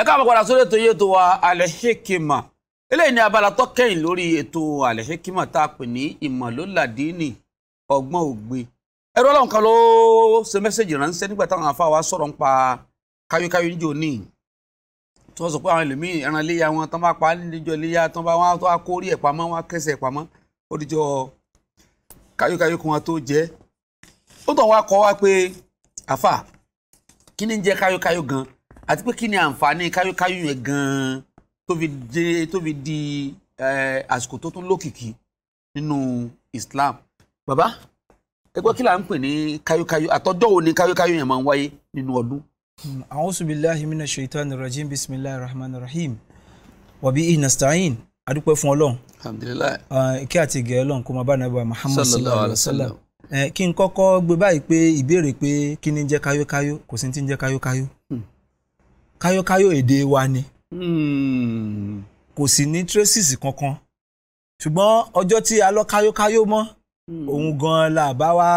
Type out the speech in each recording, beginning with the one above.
ẹ káàmọ́ padà sórí ètò yìí ètò wa al eléyìí ni abala tó kẹ́yìn lórí ètò Al-Hikmat tá a pè ní ìmọ̀lóládìíní ọgbọ́n ògbé ẹ̀rọ ọlọ́run kan ló ṣe mẹ́sẹ̀gì ránṣẹ́ nígbà táwọn afáwa sọ̀rọ̀ ń pa káyókáyó níjọ ní tí wọ́n sọ pé àwọn ẹlòmíín ẹran iléyà wọn tán bá pa níjọ iléyà tán bá wọn tó akórí ẹ̀ pamọ́ wọn kẹsẹ̀ ẹ̀ pamọ́ ó dijọ́ káyókáyó kan tó jẹ́ ó tàn wá kọ́ wá pé àfà kí ni ń jẹ́ káyókáyó gan-an àti pé kí ni àǹfààní káyọ̀káyọ̀ yẹn gan-an tó fi dé tó fi di àsìkò tó tún lókìkí nínú Islam bàbá ẹ gbọ́ kí là ń pè ní káyọ̀káyọ̀ àtọ́jọ́ wo ni káyọ̀káyọ̀ yẹn máa ń wáyé nínú ọdún. Hmm, a'udhu billahi minash shaitani rajim bismillahir Rahman rahim wa bihi nasta'in adúpẹ́ fún ọlọ́run alhamdulilayi kí àti ìgẹ̀ ọlọ́run kó máa bá nàbà Muhammad sallallahu alayhi wa sallam kí n kọ́kọ́ gbé báyìí pé ìbéèrè pé kí ni jẹ́ káyókáyó kò sí ti ń jẹ́ káyókáyó hmm káyọ́káyọ́ èdè wa ni hmm. kò sì ní traces kankan ṣùgbọ́n ọjọ́ tí a lọ káyọ́káyọ́ mọ́ hmm. òun gan-an la bá wá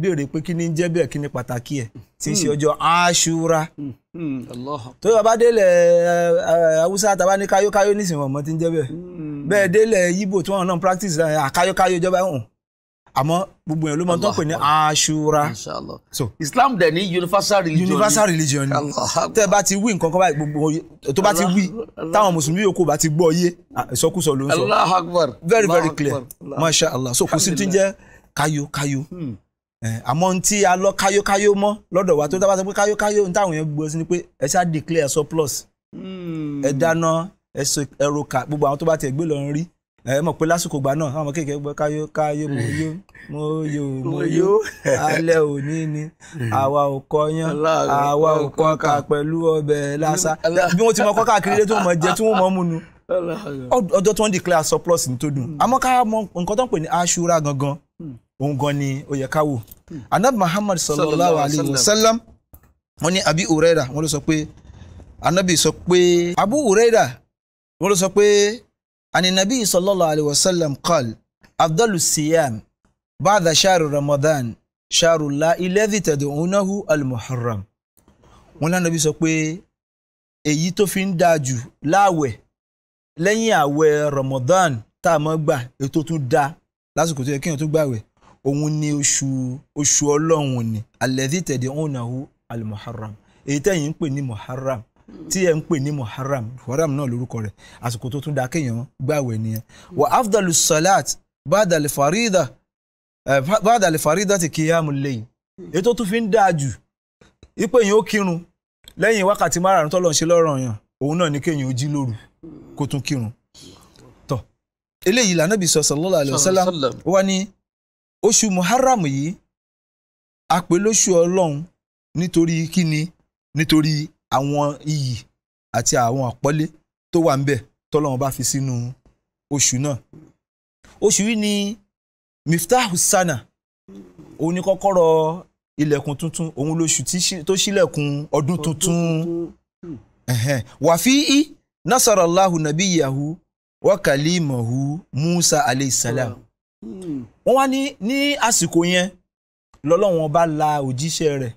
béèrè pé kí ni ń jẹ́ bẹ́ẹ̀ kí ni pàtàkì ẹ̀ tí ń ṣe hmm. ọjọ́ aṣura tó yọ bá délẹ̀ haúsá tàbá ní káyọ́káyọ́ nísìnyí wọn mọ́ ti ń jẹ́ bẹ́ẹ̀ bẹ́ẹ̀ délẹ̀ yíbò tí wọ́n náà practice àkáyọ́káyọ́ ìjọba ọ̀hún àmọ́ gbogbo yẹn ló máa ń tọ́ pè ní aṣura. so islam dẹ̀ ní universal religion ni universal religion ni tẹ́ bá ti wí nǹkan kan báyìí gbogbo tó bá ti wí táwọn mùsùlùmí yòókù bá ti gbọ́ yé ìsọkúsọ ló ń sọ Allahu Akbar very very clear masha allah so kò sí ti jẹ́ káyókáyó hmm. àmọ́ n tí a lọ káyókáyó mọ́ lọ́dọ̀ wa tó dábàá sọ pé káyókáyó n táwọn yẹn gbọ́ sí ni pé ẹ ṣáà declare surplus hmm. ẹ dáná ẹ so ẹrù ká gbogbo àwọn tó bá tiẹ̀ gbé lọ rí ẹ mọ̀ pé lásìkò gbà náà àwọn ọmọ kéèké gbọ́ káyó káyó mo yó mo yó mo yó alẹ́ òní ni àwa ò kọyán àwa ò kọkà pẹ̀lú ọbẹ̀ lásà bí wọ́n ti mọ kọ́ káàkiri tó mọ̀ jẹ tí mọ̀ mú nu ọjọ́ tí wọ́n declare surplus ní tó dùn àmọ́ ká mọ nǹkan tó ń pè ní aṣura gangan hmm. òun gan ni ó yẹ ká wò anabi hmm. muhammad sallallahu alayhi wa sallam wọ́n ní abi ureira wọ́n ló sọ pé anabi sọ pé abu ureira wọ́n ló sọ pé. عن النبي صلى الله عليه وسلم قال أفضل الصيام بعد شهر رمضان شهر الله الذي تدعونه المحرم wọn lánàá bí sọ pé èyí tó fi ń dáa jù láàwẹ̀ lẹ́yìn àwẹ̀ Ramadan tá a máa gbà ètò tún dáa lásìkò tó yẹ kéèyàn tó gbàwẹ̀ òun ni oṣù oṣù Ọlọ́run ni alladhi tad'unahu al-Muharram èyí tẹ̀yìn ń pè ní Muharram tí ẹ ń pè ní muharram muharram náà lórúkọ rẹ̀ àsìkò tó tún da kéèyàn gbààwẹ̀ nìyẹn wa afdalu salat badal farida badal farida ti qiyamul layl ètò tó fi ń dáa jù ipò èèyàn ó kírun lẹ́yìn wákàtí márààrún tọ́lọ́ ń ṣe lọ́rọ̀ yàn òun náà ni kéèyàn ó jí lóru kó tún kírun tọ́ eléyìí lànàbì sọ sallallahu alaihi wasallam ó ní oṣù muharram yìí àpè lóṣù ọlọ́run nítorí kíni nítorí àwọn iyì àti àwọn àpọ́lé tó wà ń bẹ̀ tọ́lọ́run bá fi sínú oṣù náà oṣù yìí ni miftahu sana òun ni kọ́kọ́rọ́ ilẹ̀kùn tuntun òun lóṣù tó ṣílẹ̀kùn ọdún tuntun wàfí i nasara allahu nabi yahu wakali mahu musa alayhi salam wọ́n wá ní ní àsìkò yẹn lọ́lọ́wọ́n bá la òjíṣẹ́ rẹ̀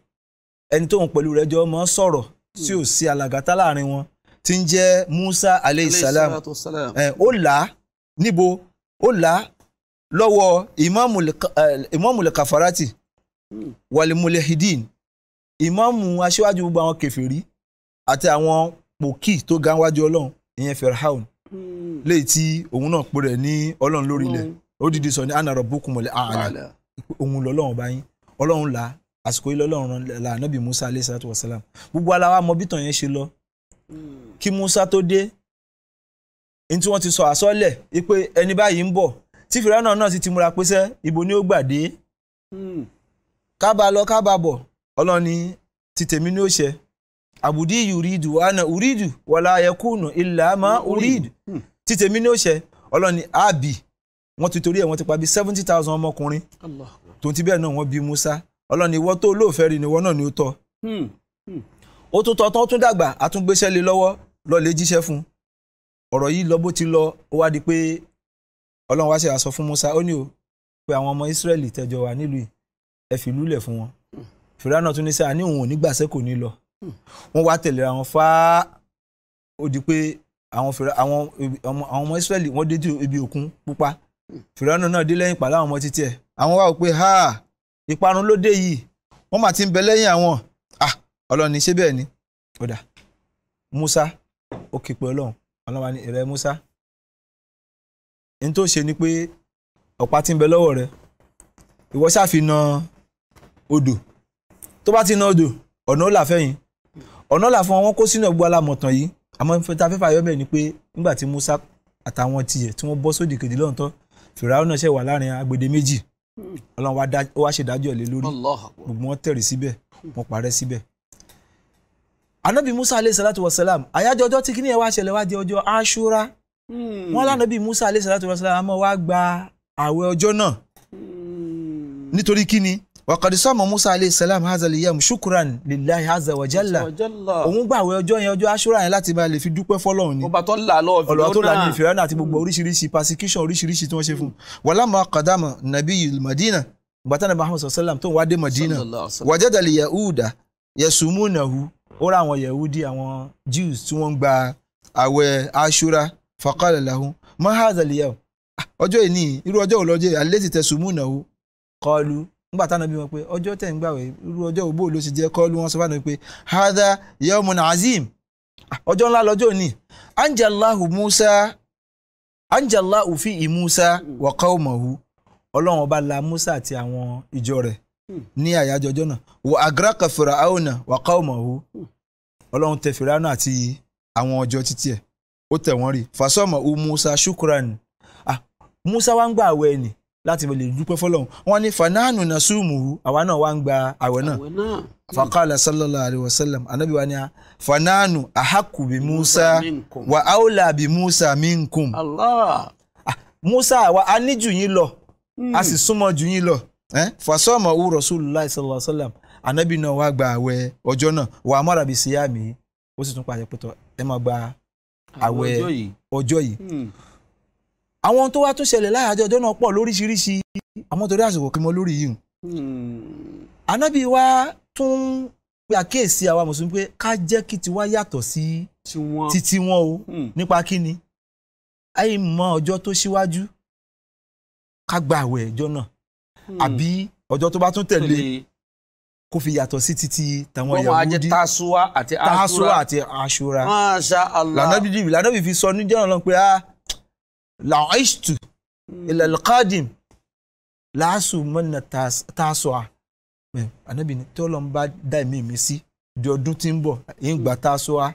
ẹni tóun pẹ̀lú rẹ̀ jọ mọ́ sọ̀rọ̀ tí ò sí alàgàtà láàrin wọn tí ń jẹ́ Musa aleyhisalaam ó là á níbo ó là á lọ́wọ́ ìmáàmù eh, kafarati hmm. walimulehidin ìmáàmù aṣíwájú gbogbo àwọn kẹfìrí àti àwọn pòkì tó ga wájú ọlọ́run ìyẹn Fir'aun hmm. léyìí tí òun náà pè rẹ̀ ní ọlọ́run lórí ilẹ̀ hmm. ó dìde sọ ní anarọ̀ bókùnmọ̀lẹ́ àlà òun lọ́lọ́run bá yín ọlọ́run là á àsìkò yìí lọ́lọ́run la ànábì Musa alayhi salatu wa salam gbogbo ala wa mọ bítàn yẹn ṣe lọ kí Musa tó dé ní tí wọ́n ti sọ àsọ́lẹ̀ pé ẹni báyìí ń bọ̀ tí fìrànà náà sì ti múra pésẹ́ ibo ni ó gbà dé kábàá lọ kábàá bọ̀ ọlọ́ni ti tèmi ní ó ṣe àbùdí yùrídù àna ùrídù wàlá ayẹkùnù ilà má ùrídù ti tèmi ní ó ọlọ́ni àbí wọ́n ti torí ẹ̀ wọ́n ti pa bí seventy thousand ọmọkùnrin tó ti bẹ́ẹ̀ náà wọ́n bí Musa ọlọ́ni ìwọ tó olóòfẹ́ rí ni ìwọ náà ni ó tọ́ hmm, hmm. ó tún tọ́ tán ó tún dàgbà á tún gbéṣẹ́ lé lọ́wọ́ lọ lè jíṣẹ́ fún ọ̀rọ̀ yìí lọ bó ti lọ ó wá di pé ọlọ́run wá ṣe àsọ fún Musa ó ní o pé àwọn ọmọ Ísírẹ́lì tẹjọ wà nílùú yìí ẹ fi lúlẹ̀ fún wọn hmm. fìrànà tún ní sẹ́ àní òun ò ní gbàṣẹ́ kò ní lọ wọ́n wá tẹ̀lé àwọn fáá ó di pé àwọn ọmọ Ísírẹ́lì wọ́n dé ibi òkun pupa fìrànà náà dé lẹ́yìn pàlà àwọn ọmọ títí ẹ̀ àwọn wá wò pé háà ìparun ló dé yìí wọ́n mà ti ń bẹ lẹ́yìn àwọn ah ọlọ́ni ṣé bẹ́ẹ̀ ni ọ̀dà Musa ó kí pé ọlọ́run ọlọ́run ni ìrẹ́ Musa n tó ṣe ni pé ọ̀pá ti ń bẹ lọ́wọ́ rẹ ìwọ ṣàfihàn odò tó bá ti na odò ọ̀nà ó là fẹ́yìn ọ̀nà ó là fún wọn kó sínú ẹ̀gbọ́n alámọ̀tàn yìí àmọ́ ìfẹ́ta fẹ́fà yọ́bẹ̀ ni pé nígbà tí Musa àtàwọn tiẹ̀ tí wọ́n bọ́ sódì kejì lọ́ntọ́ Fìràwọ́n náà ṣẹ̀ wà láàrin agbede méjì ọlọ́run wa ṣèdájọ́ lé lórí gbogbo wọn tẹ̀rí síbẹ̀ wọn parẹ́ síbẹ̀. anabi musa aleyhi salatu wa salam àyájọ́ ọjọ́ tí kíní ẹ̀ wá ṣẹlẹ̀ wá di ọjọ́ aṣúra hmm. wọn lánàbí musa aleyhi salatu wa salam àmọ́ wá gba àwẹ̀ ọjọ́ náà hmm. nítorí kíni wàkàdì sọ́mọ musa aleyhi salam hazali yam shukran lillahi azza wa jalla òun gbàwé ọjọ́ yẹn ọjọ́ aṣúra yẹn láti máa lè fi dúpẹ́ fọ́lọ́run ni ọba tó là lọ́ọ́ fìrọ́nà ọlọ́wọ́ tó là ní fìrọ́nà àti gbogbo oríṣiríṣi persecution oríṣiríṣi tí wọ́n ṣe fún wàlámà kàdámà nàbí madina gbàtànà muhammad sallam tó ń wá dé madina wàjẹ́dàlì yahuda yasumunahu ó rà àwọn yahudi àwọn jews tí wọ́n gba àwẹ̀ aṣúra faqala lahum ma hazali yam ah, ọjọ́ ìní irú ọjọ́ òlọ́jẹ́ alẹ́ ti nígbà táwọn bí wọn pé ọjọ́ tẹ̀ ń gbàwẹ̀ irú ọjọ́ òbó ló sì jẹ́ kọ́ọ́lù wọn sọ fún mi pé hadha yawmun azim ah, ọjọ́ ńlá lọ́jọ́ òní anjalahu musa anjalahu fi imusa wa qawmahu ọlọ́run ọba la musa àti àwọn ìjọ rẹ. ní àyájọ́ ọjọ́ náà wa agraka fir'auna wa qawmahu ọlọ́run tẹ fìràánà àti àwọn ọjọ́ títí ẹ̀ ó tẹ̀ wọ́n rí fasọ́mọ̀ u musa shukran ah musa wa ń gbà àwẹ̀ ni láti lè dúpẹ́ fọlọ́run wọn ní fanánù na súùmùhù àwa náà wá ń gba àwẹ̀ náà fakala sallallahu alayhi wa sallam anabi wa ni fanánù ahaku bi musa wa aula bi musa minkum musa wa a ní jù yín lọ a sì hmm. súnmọ́ jù yín lọ fasọ́mọ̀ wu rasulillah sallallahu alayhi wa sallam anabi náà wá gba àwẹ̀ ọjọ́ náà wa amara bi siyami ó sì tún pàṣẹ pẹ̀tọ̀ ẹ máa gba àwẹ̀ ọjọ́ yìí. Hmm àwọn tó wá tún ṣẹlẹ̀ láyàjọ ọjọ́ náà pọ̀ lóríṣiríṣi àmọ́ torí àsìkò kí mo lórí yìí. Hmm. ànábì wa tún pé àkíyèsí àwa mùsùlùmí pé ká jẹ́ kí tiwa yàtọ̀ sí titi wọn o hmm. nípa kíni àyè mọ ọjọ́ tó síwájú ká gba àwẹ̀ ọjọ́ náà hmm. àbí ọjọ́ tó bá tún tẹ̀lé kó fi yàtọ̀ sí títí tàwọn yahudi wọ́n máa jẹ́ tasuwa àti asura lànà bíbí lànà bíbí fi sọ níjọ́ náà lọ pé ah la'ishtu ila al-qadim láàsù mọ́nà tàṣọ́à ànábì ní tó lọ́n bá dá ẹ̀mí mi sí di ọdún tí ń bọ̀ ń gbà tàṣọ́à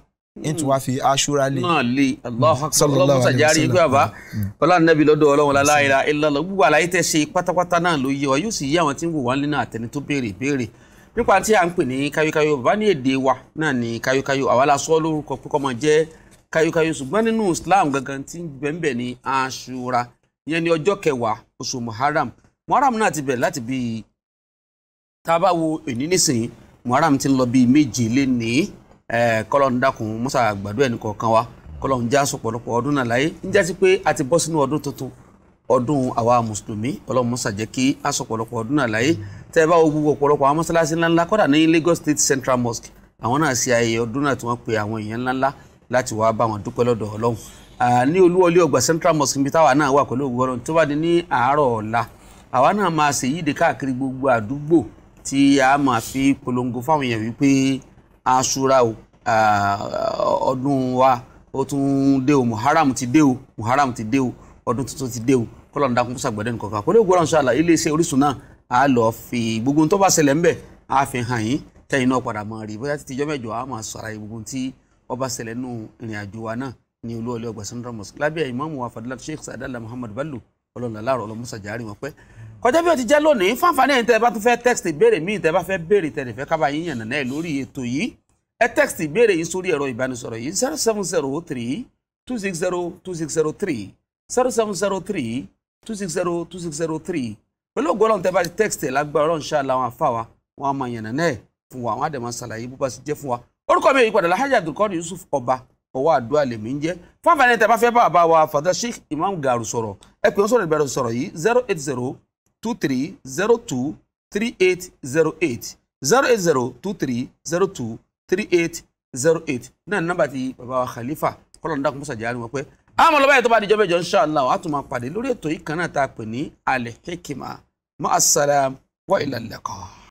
ń tún wáá fi aṣọra lé. náà lè Allahu sàjárí ikú àbá ọlá nàbí lọ́dọ̀ ọlọ́run la ilaha illallah gbogbo àlàyé tẹ́ ṣe pátápátá náà ló yé ọ yóò sì yé àwọn tí ń wò wá nínú àtẹni tó béèrè béèrè nípa tí à ń pè ní káyókáyó bàbá ní èdè wa náà ní káyókáyó àwa la sọ lórúkọ pé kọ́ mọ jẹ́ kayokayo ṣùgbọ́n nínú Islam gangan tí bẹ́ẹ̀ ní aṣura ìyẹn ní ọjọ́ kẹwàá oṣù Muharram Muharram náà ti bẹ̀rẹ̀ láti bíi tá a bá wo èní nísìnyí Muharram ti ń lọ bíi méje lé ní kọ́lọ́n dákun musa àgbàdo ẹnì kọ̀ọ̀kan wa kọ́lọ́n já sọ̀pọ̀lọpọ̀ ọdún náà láyé ń jásí pé a ti bọ́ sínú ọdún tuntun ọdún àwa mùsùlùmí ọlọ́run musa jẹ́ kí a sọ̀pọ̀lọpọ̀ ọdún náà láyé tẹ́ ẹ bá wo gbogbo ọ̀pọ̀lọpọ̀ àwọn mọ́sálásí ńláńlá kọ́dà ní Lagos State Central Mosque àwọn náà ṣe ayẹyẹ ọdún náà tí wọ́n pe àwọn èèyàn ńláńlá láti wá bá wọn dúpẹ́ lọ́dọ̀ ọlọ́run ní olúwọlé ọgbà central mosque níbi táwa náà wà pẹ̀lú òwúrọ̀ ọlọ́run tó bá di ní àárọ̀ ọ̀la àwa náà máa ṣe yíde káàkiri gbogbo àdúgbò tí a máa fi polongo fáwọn èèyàn wípé aṣura ọdún wa ó tún dé o muharram ti dé o muharram ti dé o ọdún tuntun ti dé o kọlọ́n dákun kó sàgbẹ́dẹ́ nìkan kan pẹ̀lú ògbọ́n ṣàlà iléeṣẹ́ Orísun náà a lọ fi gbogbo ohun tó bá ṣẹlẹ̀ ńbẹ̀ a fi hàn yín tẹ́yìn náà padà máa rí bóyá títí ìjọ́ mẹ́jọ a máa sọ̀rọ̀ gbogbo ọba ṣẹlẹ̀ nù ìrìn àjò wa náà ní olúwọlé ọgbà central mosque lábẹ́ ìmáàmù wa fadilat sheikh sadala muhammad bello ọlọ́nà láàrọ̀ ọlọ́musa jàre wọn pẹ́ kọjá bí o ti jẹ́ lónìí fáfáni ẹ̀yin tẹ́ ẹ bá tún fẹ́ text ìbéèrè míì tẹ́ ẹ bá fẹ́ béèrè tẹ́ ẹ fẹ́ kábàá yín yànnà náà lórí ètò yìí ẹ text ìbéèrè yìí sórí ẹ̀rọ ìbánisọ̀rọ̀ yìí zero seven zero three two six zero two six zero three zero seven zero three two six zero two six zero three pẹ̀lú ògbó ọlọ́run tẹ́ bá ti text ẹ̀ lágbára ọlọ́run ṣáà làwọn afáwa wọn á máa yànnà náà fún wa wọn á dẹ̀ máa ṣàlàyé bó bá ti jẹ́ fún wa orúkọ mi ìpadà Alhaji Abdulkadir Yusuf ọba ọwọ́ àdúrà lèmi ń jẹ́ fáfáàní tẹ́ bá fẹ́ bá bàbá wa Father Sheikh Imam Garu sọ̀rọ̀ ẹ pè ń sọ̀rọ̀ ìbẹ̀rẹ̀ sọ̀rọ̀ yìí zero eight zero two three zero two three eight zero eight zero eight zero two three zero two three eight zero eight náà nọ́mbà ti bàbá wa Khalifa kọ́lọ́n dàkún mọ́sàjà ni wọ́n pé àwọn ọmọ lọ́bàá yẹn tó bá di jọ́bẹ̀jọ insha Allah a tún máa pàdé lórí ètò yìí kan náà tá a pè ní Al Hikmah ma'as salam wa ila al